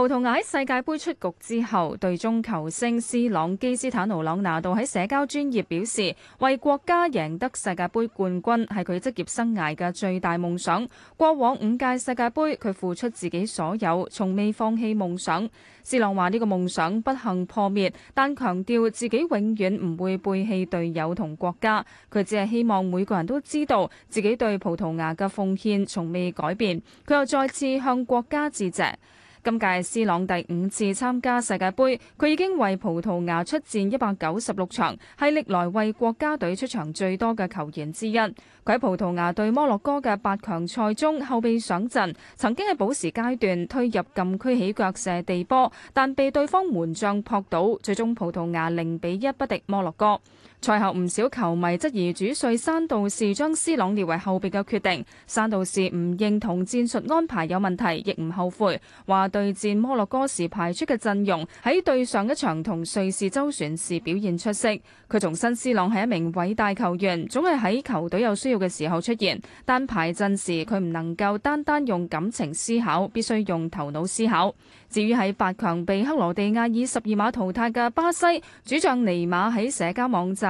葡萄牙喺世界杯出局之後，隊中球星 C 朗基斯坦奴朗拿度喺社交專頁表示，為國家贏得世界杯冠軍係佢職業生涯嘅最大夢想。過往五屆世界杯，佢付出自己所有，從未放棄夢想。C 朗話呢個夢想不幸破滅，但強調自己永遠唔會背棄隊友同國家。佢只係希望每個人都知道自己對葡萄牙嘅奉獻從未改變。佢又再次向國家致謝。今屆 C 朗第五次參加世界杯，佢已經為葡萄牙出戰一百九十六場，係歷來為國家隊出場最多嘅球員之一。佢喺葡萄牙對摩洛哥嘅八強賽中後備上陣，曾經喺補時階段推入禁區起腳射地波，但被對方門將撲倒，最終葡萄牙零比一不敵摩洛哥。賽後唔少球迷質疑主帥山道士將 C 朗列為後備嘅決定，山道士唔認同戰術安排有問題，亦唔後悔。話對戰摩洛哥時排出嘅陣容喺對上一場同瑞士周旋時表現出色。佢重申 C 朗係一名偉大球員，總係喺球隊有需要嘅時候出現。但排陣時佢唔能夠單單用感情思考，必須用頭腦思考。至於喺八強被克羅地亞以十二碼淘汰嘅巴西主將尼馬喺社交網站。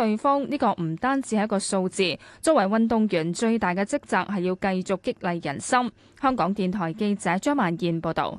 對方呢個唔單止係一個數字，作為運動員最大嘅職責係要繼續激勵人心。香港電台記者張萬燕報導。